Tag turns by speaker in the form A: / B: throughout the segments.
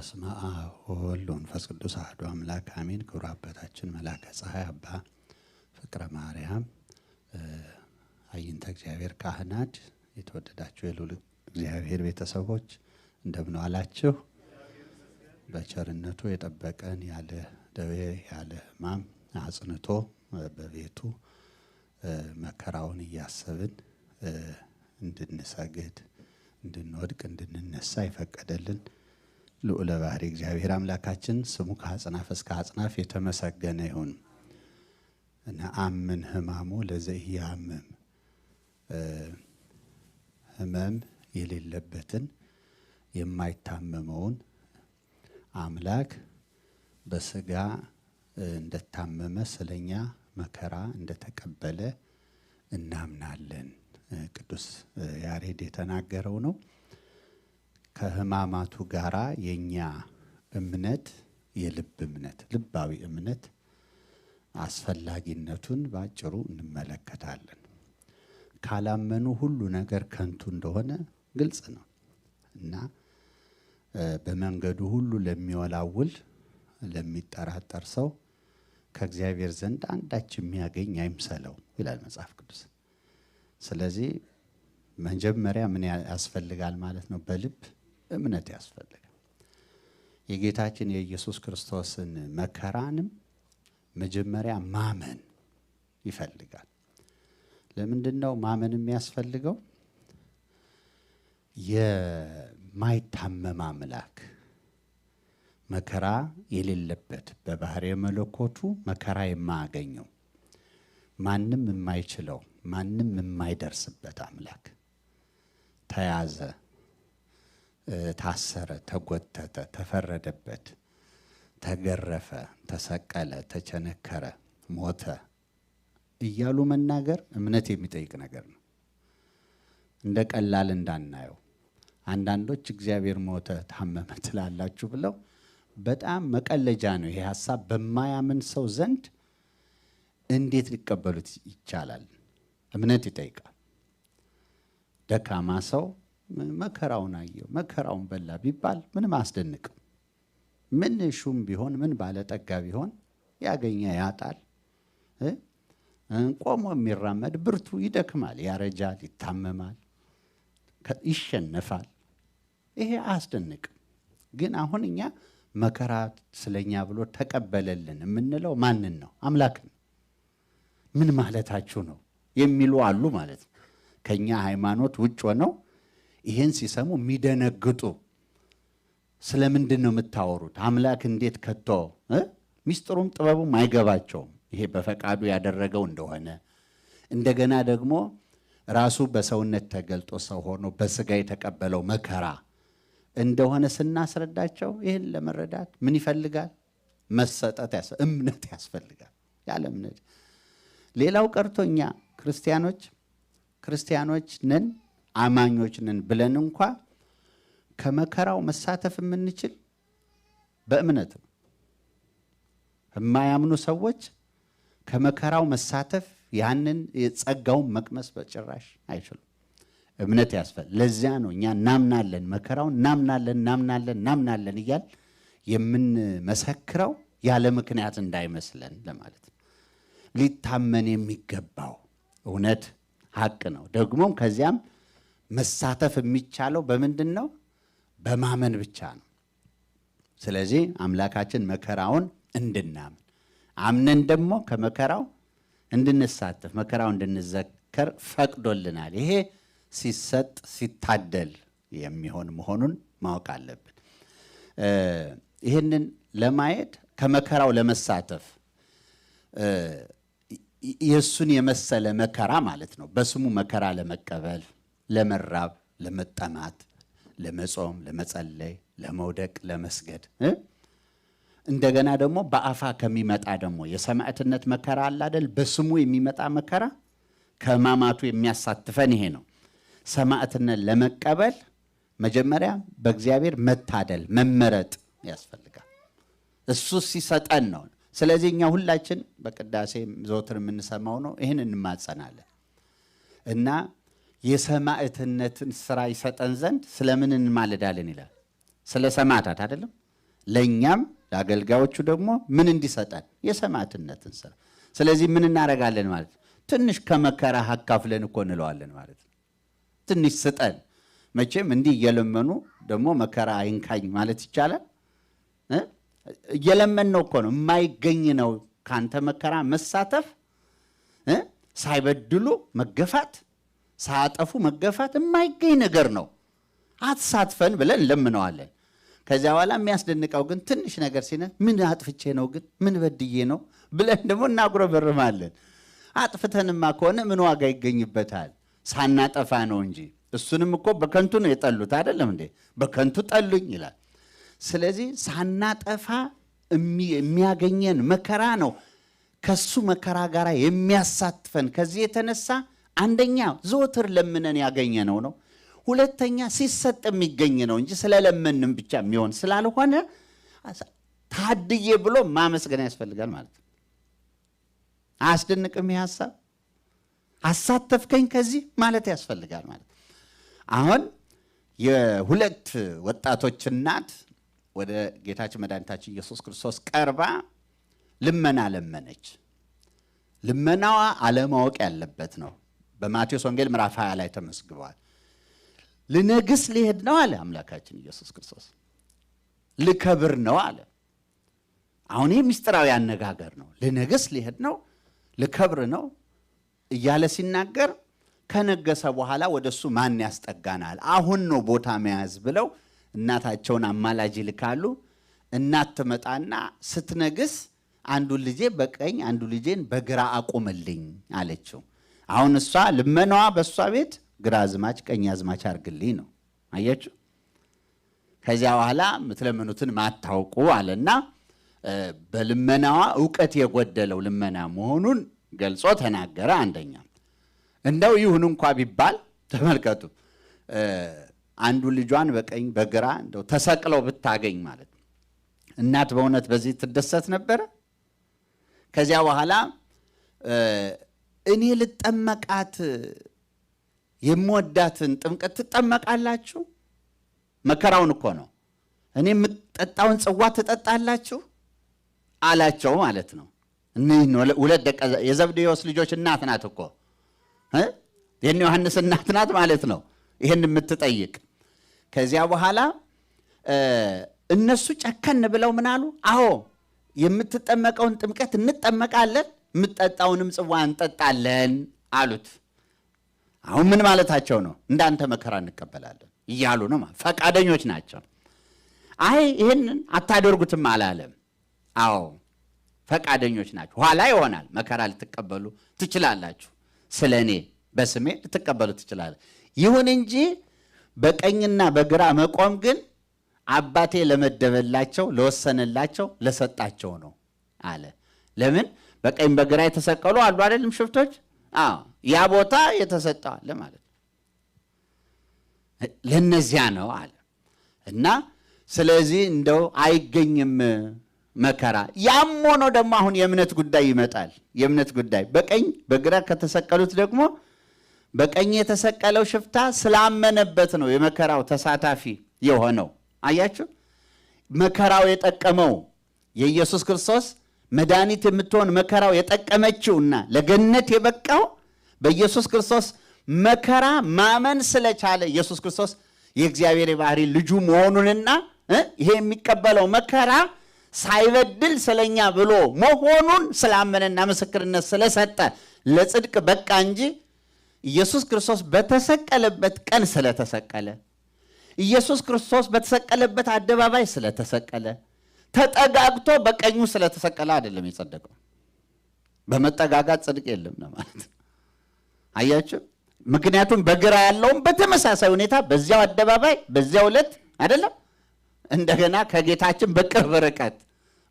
A: በስመ አብ ወወልድ ወመንፈስ ቅዱስ አሐዱ አምላክ አሜን። ክብሩ አባታችን መላከ ፀሐይ አባ ፍቅረ ማርያም አይንተ እግዚአብሔር ካህናት፣ የተወደዳችሁ የልዑል እግዚአብሔር ቤተሰቦች እንደምን ዋላችሁ? በቸርነቱ የጠበቀን ያለ ደዌ ያለ ሕማም አጽንቶ በቤቱ መከራውን እያሰብን እንድንሰግድ እንድንወድቅ እንድንነሳ ይፈቀደልን ልዑለ ባህሪ እግዚአብሔር አምላካችን ስሙ ከአጽናፍ እስከ አጽናፍ የተመሰገነ ይሁን። ነአምን ህማሙ ለዘኢያምም ህመም የሌለበትን የማይታመመውን አምላክ በስጋ እንደታመመ ስለኛ መከራ እንደተቀበለ እናምናለን። ቅዱስ ያሬድ የተናገረው ነው። ከህማማቱ ጋራ የኛ እምነት የልብ እምነት ልባዊ እምነት አስፈላጊነቱን ባጭሩ እንመለከታለን። ካላመኑ ሁሉ ነገር ከንቱ እንደሆነ ግልጽ ነው እና በመንገዱ ሁሉ ለሚወላውል ለሚጠራጠር ሰው ከእግዚአብሔር ዘንድ አንዳች የሚያገኝ አይምሰለው ይላል መጽሐፍ ቅዱስ። ስለዚህ መጀመሪያ ምን ያስፈልጋል ማለት ነው? በልብ እምነት ያስፈልጋል። የጌታችን የኢየሱስ ክርስቶስን መከራንም መጀመሪያ ማመን ይፈልጋል። ለምንድን ነው ማመን የሚያስፈልገው? የማይታመም አምላክ መከራ የሌለበት በባህር መለኮቱ መከራ የማያገኘው ማንም የማይችለው ማንም የማይደርስበት አምላክ ተያዘ ታሰረ፣ ተጎተተ፣ ተፈረደበት፣ ተገረፈ፣ ተሰቀለ፣ ተቸነከረ፣ ሞተ እያሉ መናገር እምነት የሚጠይቅ ነገር ነው። እንደ ቀላል እንዳናየው አንዳንዶች እግዚአብሔር ሞተ፣ ታመመ ትላላችሁ ብለው በጣም መቀለጃ ነው። ይሄ ሀሳብ በማያምን ሰው ዘንድ እንዴት ሊቀበሉት ይቻላል? እምነት ይጠይቃል። ደካማ ሰው መከራውን አየው መከራውን በላ ቢባል ምንም አስደንቅም። ምን ሹም ቢሆን ምን ባለጠጋ ቢሆን ያገኘ ያጣል። ቆሞ የሚራመድ ብርቱ ይደክማል፣ ያረጃል፣ ይታመማል፣ ይሸነፋል። ይሄ አያስደንቅም። ግን አሁን እኛ መከራ ስለኛ ብሎ ተቀበለልን የምንለው ማንን ነው? አምላክን። ምን ማለታችሁ ነው የሚሉ አሉ ማለት ነው። ከእኛ ሃይማኖት ውጭ ሆነው ይሄን ሲሰሙ የሚደነግጡ ስለምንድን ነው የምታወሩት? አምላክ እንዴት ከቶ ሚስጥሩም ጥበቡም አይገባቸውም። ይሄ በፈቃዱ ያደረገው እንደሆነ እንደገና ደግሞ ራሱ በሰውነት ተገልጦ ሰው ሆኖ በስጋ የተቀበለው መከራ እንደሆነ ስናስረዳቸው ይህን ለመረዳት ምን ይፈልጋል? መሰጠት፣ እምነት ያስፈልጋል። ያለ እምነት ሌላው ቀርቶ እኛ ክርስቲያኖች ክርስቲያኖች ነን አማኞች ነን ብለን እንኳ ከመከራው መሳተፍ የምንችል በእምነት ነው። የማያምኑ ሰዎች ከመከራው መሳተፍ ያንን የጸጋውን መቅመስ በጭራሽ አይችሉም። እምነት ያስፈል። ለዚያ ነው እኛ እናምናለን፣ መከራውን እናምናለን፣ እናምናለን፣ እናምናለን እያል የምንመሰክረው ያለ ምክንያት እንዳይመስለን ለማለት ነው። ሊታመን የሚገባው እውነት ሀቅ ነው። ደግሞም ከዚያም መሳተፍ የሚቻለው በምንድን ነው? በማመን ብቻ ነው። ስለዚህ አምላካችን መከራውን እንድናምን አምነን ደግሞ ከመከራው እንድንሳተፍ መከራው እንድንዘከር ፈቅዶልናል። ይሄ ሲሰጥ ሲታደል የሚሆን መሆኑን ማወቅ አለብን። ይህንን ለማየት ከመከራው ለመሳተፍ የእሱን የመሰለ መከራ ማለት ነው። በስሙ መከራ ለመቀበል ለመራብ፣ ለመጠማት፣ ለመጾም፣ ለመጸለይ፣ ለመውደቅ፣ ለመስገድ እንደገና ደግሞ በአፋ ከሚመጣ ደግሞ የሰማዕትነት መከራ አለ አይደል? በስሙ የሚመጣ መከራ ከሕማማቱ የሚያሳትፈን ይሄ ነው። ሰማዕትነት ለመቀበል መጀመሪያ በእግዚአብሔር መታደል መመረጥ ያስፈልጋል። እሱ ሲሰጠን ነው። ስለዚህ እኛ ሁላችን በቅዳሴ ዘወትር የምንሰማው ነው። ይህን እንማጸናለን እና የሰማዕትነትን ስራ ይሰጠን ዘንድ ስለምን እንማልዳለን ይላል። ስለ ሰማዕታት አይደለም። ለእኛም ለአገልጋዮቹ ደግሞ ምን እንዲሰጠን የሰማዕትነትን ስራ። ስለዚህ ምን እናደርጋለን ማለት ነው? ትንሽ ከመከራ አካፍለን እኮ እንለዋለን ማለት ነው። ትንሽ ስጠን። መቼም እንዲህ እየለመኑ ደግሞ መከራ አይንካኝ ማለት ይቻላል? እየለመን ነው እኮ ነው። የማይገኝ ነው ካንተ መከራ መሳተፍ፣ ሳይበድሉ መገፋት ሳያጠፉ መገፋት የማይገኝ ነገር ነው። አትሳትፈን ብለን እንለምነዋለን። ከዚያ በኋላ የሚያስደንቀው ግን ትንሽ ነገር ሲነ ምን አጥፍቼ ነው ግን ምን በድዬ ነው ብለን ደግሞ እናጉረበርማለን። አጥፍተንማ ከሆነ ምን ዋጋ ይገኝበታል? ሳናጠፋ ነው እንጂ። እሱንም እኮ በከንቱ ነው የጠሉት አይደለም እንዴ? በከንቱ ጠሉኝ ይላል። ስለዚህ ሳናጠፋ የሚያገኘን መከራ ነው ከሱ መከራ ጋር የሚያሳትፈን ከዚህ የተነሳ አንደኛ ዘወትር ለምነን ያገኘነው ነው። ሁለተኛ ሲሰጥ የሚገኝ ነው እንጂ ስለለመንም ብቻ የሚሆን ስላልሆነ ታድዬ ብሎ ማመስገን ያስፈልጋል ማለት ነው። አያስደንቅም? ይህ ሀሳብ አሳተፍከኝ ከዚህ ማለት ያስፈልጋል ማለት ነው። አሁን የሁለት ወጣቶች እናት ወደ ጌታችን መድኃኒታችን ኢየሱስ ክርስቶስ ቀርባ ልመና ለመነች። ልመናዋ አለማወቅ ያለበት ነው። በማቴዎስ ወንጌል ምዕራፍ 20 ላይ ተመዝግበዋል። ልነግስ ሊሄድ ነው አለ አምላካችን ኢየሱስ ክርስቶስ። ልከብር ነው አለ። አሁን ይህ ምስጢራዊ አነጋገር ነው። ልነግስ ሊሄድ ነው፣ ልከብር ነው እያለ ሲናገር ከነገሰ በኋላ ወደ እሱ ማን ያስጠጋናል? አሁን ነው ቦታ መያዝ ብለው እናታቸውን አማላጅ ይልካሉ። እናት ትመጣና ስትነግስ አንዱ ልጄ በቀኝ አንዱ ልጄን በግራ አቁምልኝ አለችው። አሁን እሷ ልመናዋ በእሷ ቤት ግራ አዝማች ቀኝ አዝማች አርግልኝ ነው። አያችሁ። ከዚያ በኋላ የምትለምኑትን ማታውቁ አለና በልመናዋ እውቀት የጎደለው ልመና መሆኑን ገልጾ ተናገረ። አንደኛ እንደው ይሁን እንኳ ቢባል ተመልከቱ፣ አንዱ ልጇን በቀኝ በግራ እንደው ተሰቅለው ብታገኝ ማለት እናት በእውነት በዚህ ትደሰት ነበረ። ከዚያ በኋላ እኔ ልጠመቃት የምወዳትን ጥምቀት ትጠመቃላችሁ? መከራውን እኮ ነው። እኔ የምጠጣውን ጽዋ ትጠጣላችሁ አላቸው ማለት ነው። ሁለት ደቀ የዘብዴዎስ ልጆች እናት ናት እኮ የእነ ዮሐንስ እናት ናት ማለት ነው። ይህን የምትጠይቅ ከዚያ በኋላ እነሱ ጨከን ብለው ምናሉ፣ አዎ የምትጠመቀውን ጥምቀት እንጠመቃለን የምትጠጣውንም ጽዋ እንጠጣለን አሉት። አሁን ምን ማለታቸው ነው? እንዳንተ መከራ እንቀበላለን እያሉ ነው። ፈቃደኞች ናቸው። አይ ይህንን አታደርጉትም አላለም። አዎ ፈቃደኞች ናቸው። ኋላ ይሆናል መከራ ልትቀበሉ ትችላላችሁ፣ ስለ እኔ በስሜ ልትቀበሉ ትችላላችሁ። ይሁን እንጂ በቀኝና በግራ መቆም ግን አባቴ ለመደበላቸው፣ ለወሰነላቸው፣ ለሰጣቸው ነው አለ። ለምን በቀኝ በግራ የተሰቀሉ አሉ አይደለም ሽፍቶች። ያ ቦታ የተሰጠዋለ ማለት ለነዚያ ነው አለ እና ስለዚህ እንደው አይገኝም መከራ። ያም ሆኖ ደግሞ አሁን የእምነት ጉዳይ ይመጣል። የእምነት ጉዳይ በቀኝ በግራ ከተሰቀሉት ደግሞ በቀኝ የተሰቀለው ሽፍታ ስላመነበት ነው የመከራው ተሳታፊ የሆነው። አያችሁ፣ መከራው የጠቀመው የኢየሱስ ክርስቶስ መድኃኒት የምትሆን መከራው የጠቀመችውና ለገነት የበቃው በኢየሱስ ክርስቶስ መከራ ማመን ስለቻለ ኢየሱስ ክርስቶስ የእግዚአብሔር የባህሪ ልጁ መሆኑንና ይሄ የሚቀበለው መከራ ሳይበድል ስለኛ ብሎ መሆኑን ስላመነና ምስክርነት ስለሰጠ ለጽድቅ በቃ እንጂ ኢየሱስ ክርስቶስ በተሰቀለበት ቀን ስለተሰቀለ ኢየሱስ ክርስቶስ በተሰቀለበት አደባባይ ስለተሰቀለ ተጠጋግቶ በቀኙ ስለተሰቀለ አይደለም የጸደቀው። በመጠጋጋት ጽድቅ የለም ነው ማለት አያችሁ። ምክንያቱም በግራ ያለውም በተመሳሳይ ሁኔታ በዚያው አደባባይ በዚያው ዕለት አይደለም እንደገና ከጌታችን በቅርብ ርቀት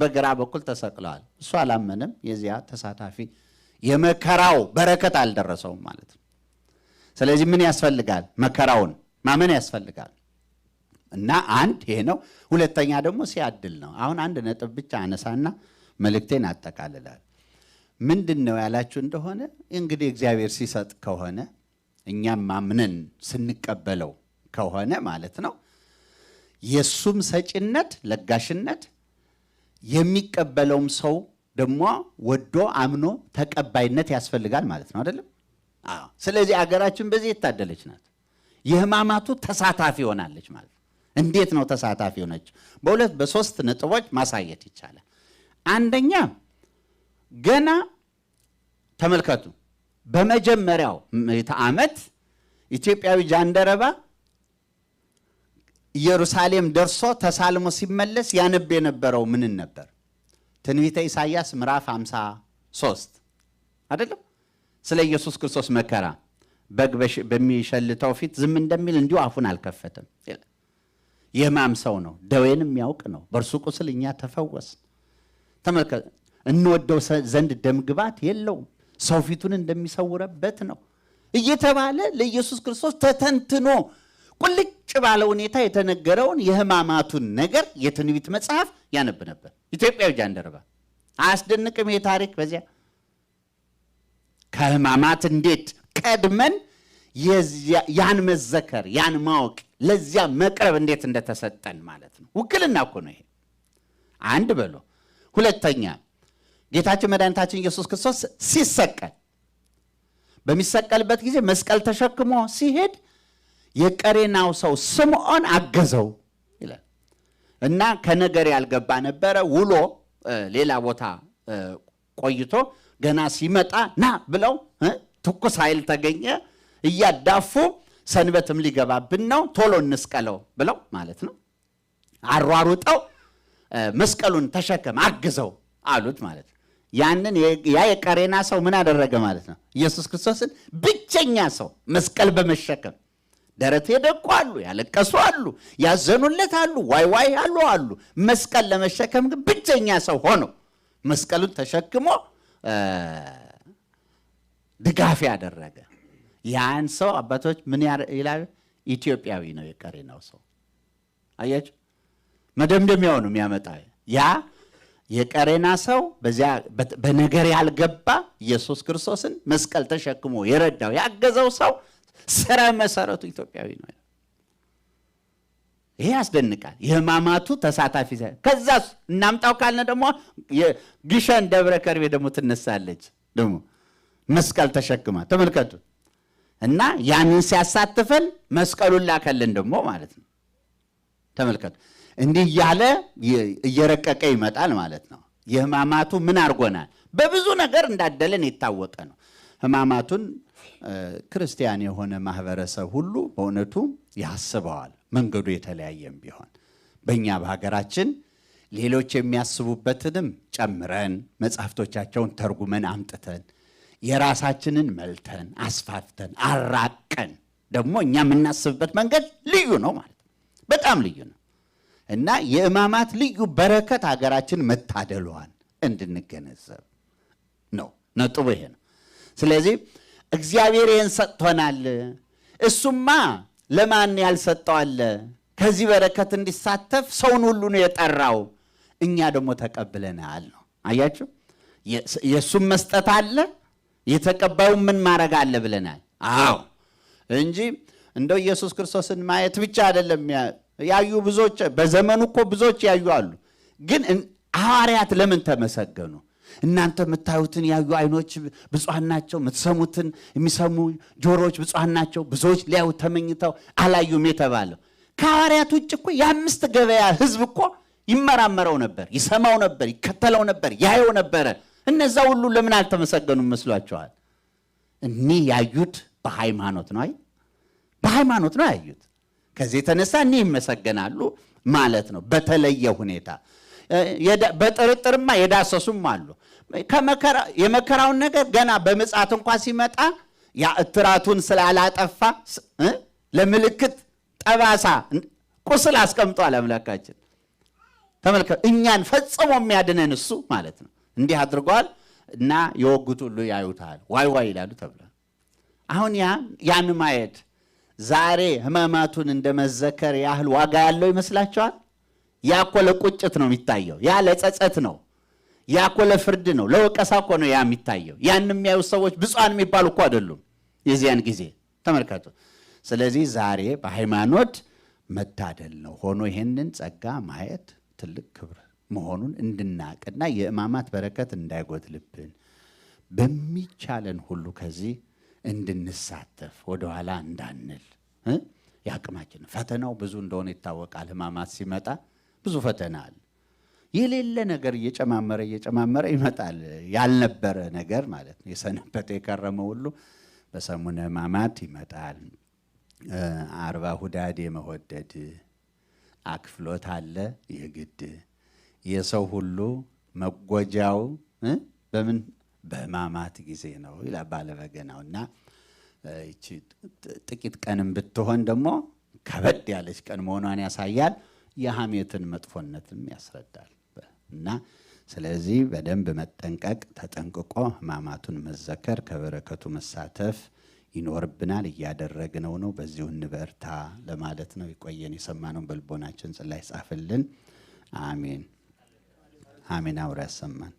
A: በግራ በኩል ተሰቅለዋል። እሱ አላመንም፣ የዚያ ተሳታፊ የመከራው በረከት አልደረሰውም ማለት ነው። ስለዚህ ምን ያስፈልጋል? መከራውን ማመን ያስፈልጋል። እና አንድ ይሄ ነው። ሁለተኛ ደግሞ ሲያድል ነው። አሁን አንድ ነጥብ ብቻ አነሳና መልእክቴን አጠቃልላል። ምንድን ነው ያላችሁ እንደሆነ እንግዲህ እግዚአብሔር ሲሰጥ ከሆነ እኛም አምነን ስንቀበለው ከሆነ ማለት ነው የእሱም ሰጪነት ለጋሽነት የሚቀበለውም ሰው ደግሞ ወዶ አምኖ ተቀባይነት ያስፈልጋል ማለት ነው አይደለም? ስለዚህ አገራችን በዚህ የታደለች ናት። የህማማቱ ተሳታፊ ሆናለች ማለት ነው። እንዴት ነው ተሳታፊ ሆነች? በሁለት በሶስት ነጥቦች ማሳየት ይቻላል። አንደኛ ገና ተመልከቱ፣ በመጀመሪያው ምዕተ ዓመት ኢትዮጵያዊ ጃንደረባ ኢየሩሳሌም ደርሶ ተሳልሞ ሲመለስ ያነብ የነበረው ምንን ነበር? ትንቢተ ኢሳይያስ ምዕራፍ 53 አይደለም? ስለ ኢየሱስ ክርስቶስ መከራ በግ በሚሸልተው ፊት ዝም እንደሚል እንዲሁ አፉን አልከፈትም የማም ሰው ነው። ደዌን የሚያውቅ ነው። በእርሱ ቁስል እኛ ተፈወስ። ተመልከት፣ እንወደው ዘንድ ደምግባት የለውም። ሰው ፊቱን እንደሚሰውረበት ነው እየተባለ ለኢየሱስ ክርስቶስ ተተንትኖ ቁልጭ ባለ ሁኔታ የተነገረውን የህማማቱን ነገር የትንቢት መጽሐፍ ያነብ ነበር። ኢትዮጵያዊ ጃንደረባ አያስደንቅም? ይሄ ታሪክ በዚያ ከህማማት እንዴት ቀድመን ያን መዘከር ያን ማወቅ ለዚያ መቅረብ እንዴት እንደተሰጠን ማለት ነው። ውክልና እኮ ነው ይሄ። አንድ በሎ ሁለተኛ ጌታችን መድኃኒታችን ኢየሱስ ክርስቶስ ሲሰቀል በሚሰቀልበት ጊዜ መስቀል ተሸክሞ ሲሄድ የቀሬናው ሰው ስምዖን አገዘው ይላል እና ከነገር ያልገባ ነበረ። ውሎ ሌላ ቦታ ቆይቶ ገና ሲመጣ ና ብለው ትኩስ ኃይል ተገኘ እያዳፉ ሰንበትም ሊገባብን ነው፣ ቶሎ እንስቀለው ብለው ማለት ነው። አሯሩጠው መስቀሉን ተሸከም አግዘው አሉት ማለት ነው። ያንን ያ የቀሬና ሰው ምን አደረገ ማለት ነው? ኢየሱስ ክርስቶስን ብቸኛ ሰው መስቀል በመሸከም ደረት የደቁ አሉ፣ ያለቀሱ አሉ፣ ያዘኑለት አሉ፣ ዋይ ዋይ አሉ አሉ። መስቀል ለመሸከም ግን ብቸኛ ሰው ሆኖ መስቀሉን ተሸክሞ ድጋፍ ያደረገ ያን ሰው አባቶች ምን ይላል? ኢትዮጵያዊ ነው የቀሬናው ሰው። አያችሁ፣ መደምደሚያው ነው የሚያመጣ ያ የቀሬና ሰው በዚያ በነገር ያልገባ ኢየሱስ ክርስቶስን መስቀል ተሸክሞ የረዳው ያገዘው ሰው ስረ መሰረቱ ኢትዮጵያዊ ነው። ይሄ ያስደንቃል። የህማማቱ ተሳታፊ ከዛ እናምጣው ካልነ ደግሞ ግሸን ደብረ ከርቤ ደግሞ ትነሳለች ደግሞ መስቀል ተሸክማ ተመልከቱ። እና ያንን ሲያሳትፈን መስቀሉን ላከልን ደግሞ ማለት ነው። ተመልከቱ። እንዲህ እያለ እየረቀቀ ይመጣል ማለት ነው። የህማማቱ ምን አድርጎናል? በብዙ ነገር እንዳደለን የታወቀ ነው። ህማማቱን ክርስቲያን የሆነ ማህበረሰብ ሁሉ በእውነቱ ያስበዋል። መንገዱ የተለያየም ቢሆን በእኛ በሀገራችን ሌሎች የሚያስቡበትንም ጨምረን መጽሐፍቶቻቸውን ተርጉመን አምጥተን የራሳችንን መልተን አስፋፍተን አራቀን ደግሞ እኛ የምናስብበት መንገድ ልዩ ነው ማለት በጣም ልዩ ነው እና የእማማት ልዩ በረከት ሀገራችን መታደሏን እንድንገነዘብ ነው ነጥቡ ይሄ ነው። ስለዚህ እግዚአብሔር ይህን ሰጥቶናል። እሱማ ለማን ያልሰጠዋለ? ከዚህ በረከት እንዲሳተፍ ሰውን ሁሉ ነው የጠራው። እኛ ደግሞ ተቀብለናል ነው። አያችሁ፣ የእሱም መስጠት አለ የተቀባዩ ምን ማድረግ አለ ብለናል። አዎ እንጂ እንደው ኢየሱስ ክርስቶስን ማየት ብቻ አይደለም። ያዩ ብዙዎች በዘመኑ እኮ ብዙዎች ያዩ አሉ። ግን ሐዋርያት ለምን ተመሰገኑ? እናንተ የምታዩትን ያዩ አይኖች ብፁዓን ናቸው፣ የምትሰሙትን የሚሰሙ ጆሮዎች ብፁዓን ናቸው። ብዙዎች ሊያዩ ተመኝተው አላዩም የተባለው ከሐዋርያት ውጭ እኮ የአምስት ገበያ ህዝብ እኮ ይመራመረው ነበር፣ ይሰማው ነበር፣ ይከተለው ነበር፣ ያየው ነበረ። እነዛ ሁሉ ለምን አልተመሰገኑም መስሏቸዋል? እኒህ ያዩት በሃይማኖት ነው። አይ በሃይማኖት ነው ያዩት። ከዚህ የተነሳ እኒህ ይመሰገናሉ ማለት ነው። በተለየ ሁኔታ በጥርጥርማ የዳሰሱም አሉ። የመከራውን ነገር ገና በምጽአት እንኳ ሲመጣ ያ እትራቱን ስላላጠፋ ለምልክት ጠባሳ ቁስል አስቀምጧል አምላካችን። ተመልከ፣ እኛን ፈጽሞ የሚያድነን እሱ ማለት ነው። እንዲህ አድርጓል እና የወጉት ሁሉ ያዩታል፣ ዋይ ዋይ ይላሉ ተብሏል። አሁን ያ ያን ማየት ዛሬ ህመማቱን እንደ መዘከር ያህል ዋጋ ያለው ይመስላችኋል? ያ እኮ ለቁጭት ነው የሚታየው። ያ ለጸጸት ነው። ያ እኮ ለፍርድ ነው፣ ለወቀሳ እኮ ነው ያ የሚታየው። ያን የሚያዩት ሰዎች ብፁዓን የሚባሉ እኮ አይደሉም የዚያን ጊዜ ተመልከቱ። ስለዚህ ዛሬ በሃይማኖት መታደል ነው ሆኖ ይሄንን ጸጋ ማየት ትልቅ ክብር መሆኑን እንድናቅና የእማማት በረከት እንዳይጎድልብን በሚቻለን ሁሉ ከዚህ እንድንሳተፍ ወደኋላ እንዳንል የአቅማችን ፈተናው ብዙ እንደሆነ ይታወቃል። ህማማት ሲመጣ ብዙ ፈተና አለ። የሌለ ነገር እየጨማመረ እየጨማመረ ይመጣል። ያልነበረ ነገር ማለት ነው። የሰነበት የከረመ ሁሉ በሰሙነ ህማማት ይመጣል። አርባ ሁዳዴ መወደድ አክፍሎት አለ የግድ የሰው ሁሉ መጎጃው በምን በሕማማት ጊዜ ነው ይላል ባለበገናው። እና ይቺ ጥቂት ቀንም ብትሆን ደግሞ ከበድ ያለች ቀን መሆኗን ያሳያል። የሐሜትን መጥፎነትም ያስረዳል። እና ስለዚህ በደንብ መጠንቀቅ፣ ተጠንቅቆ ሕማማቱን መዘከር፣ ከበረከቱ መሳተፍ ይኖርብናል። እያደረግነው ነው። በዚሁ እንበርታ ለማለት ነው። የቆየን የሰማነውን በልቦናችን ጽላይ ጻፍልን። አሜን። همین او رسم من